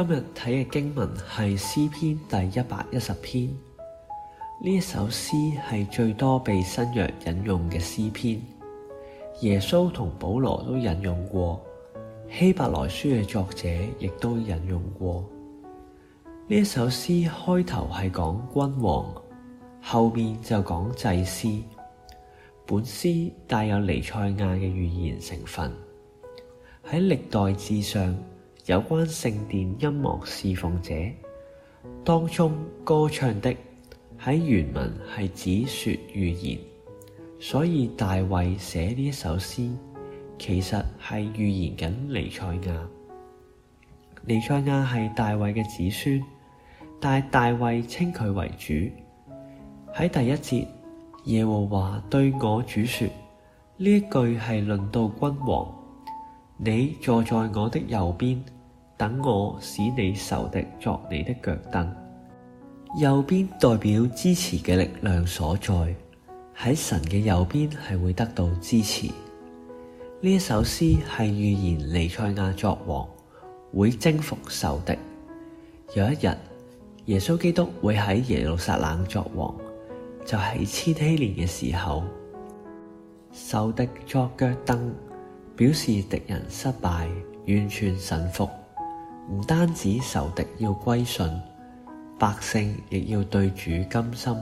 今日睇嘅經文係詩篇第一百一十篇，呢一首詩係最多被新約引用嘅詩篇，耶穌同保羅都引用過，希伯來書嘅作者亦都引用過。呢一首詩開頭係講君王，後面就講祭司。本詩帶有尼賽亞嘅預言成分，喺歷代志上。有關聖殿音樂侍奉者當中歌唱的喺原文係指說預言，所以大衛寫呢一首詩，其實係預言緊彌賽亞。彌賽亞係大衛嘅子孫，但大衛稱佢為主。喺第一節，耶和華對我主說呢一句係論到君王，你坐在我的右邊。等我使你仇敵作你的腳凳，右邊代表支持嘅力量所在，喺神嘅右邊係會得到支持。呢一首詩係預言彌賽亞作王會征服仇敵。有一日耶穌基督會喺耶路撒冷作王，就喺千禧年嘅時候，仇敵作腳凳，表示敵人失敗完全臣服。.唔單止仇敵要歸順，百姓亦要對主甘心，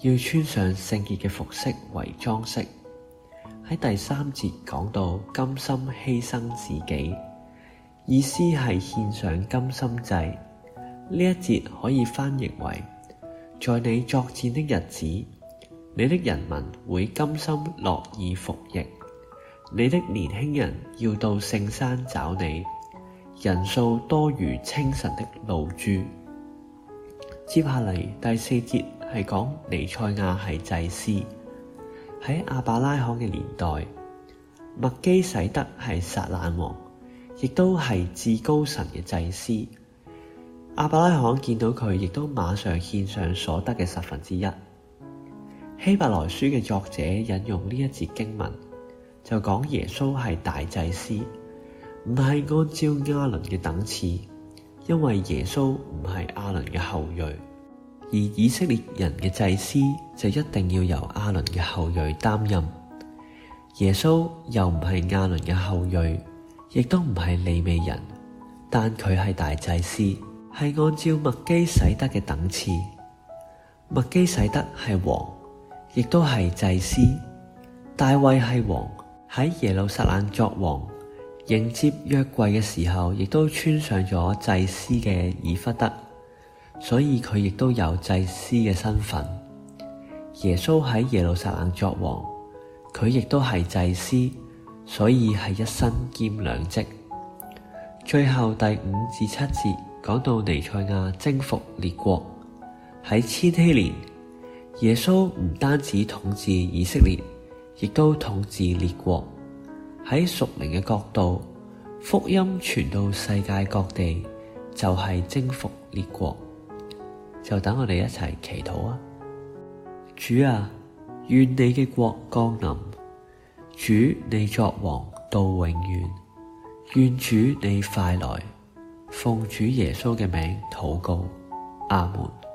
要穿上聖潔嘅服飾為裝飾。喺第三節講到甘心犧牲自己，意思係獻上甘心祭。呢一節可以翻譯為：在你作戰的日子，你的人民會甘心樂意服役，你的年輕人要到聖山找你。人數多如清晨的露珠。接下嚟第四節係講尼賽亞係祭司。喺亞伯拉罕嘅年代，麥基洗德係撒冷王，亦都係至高神嘅祭司。亞伯拉罕見到佢，亦都馬上獻上所得嘅十分之一。希伯來書嘅作者引用呢一節經文，就講耶穌係大祭司。唔係按照亞倫嘅等次，因為耶穌唔係亞倫嘅後裔，而以色列人嘅祭司就一定要由亞倫嘅後裔擔任。耶穌又唔係亞倫嘅後裔，亦都唔係利未人，但佢係大祭司，係按照麥基洗德嘅等次。麥基洗德係王，亦都係祭司。大衛係王，喺耶路撒冷作王。迎接約櫃嘅時候，亦都穿上咗祭司嘅以弗得，所以佢亦都有祭司嘅身份。耶穌喺耶路撒冷作王，佢亦都係祭司，所以係一身兼兩職。最後第五至七節講到彌賽亞征服列國。喺千禧年，耶穌唔單止統治以色列，亦都統治列國。喺屬靈嘅角度，福音傳到世界各地，就係、是、征服列國，就等我哋一齊祈禱啊！主啊，願你嘅國降臨，主你作王到永遠，願主你快來，奉主耶穌嘅名禱告，阿門。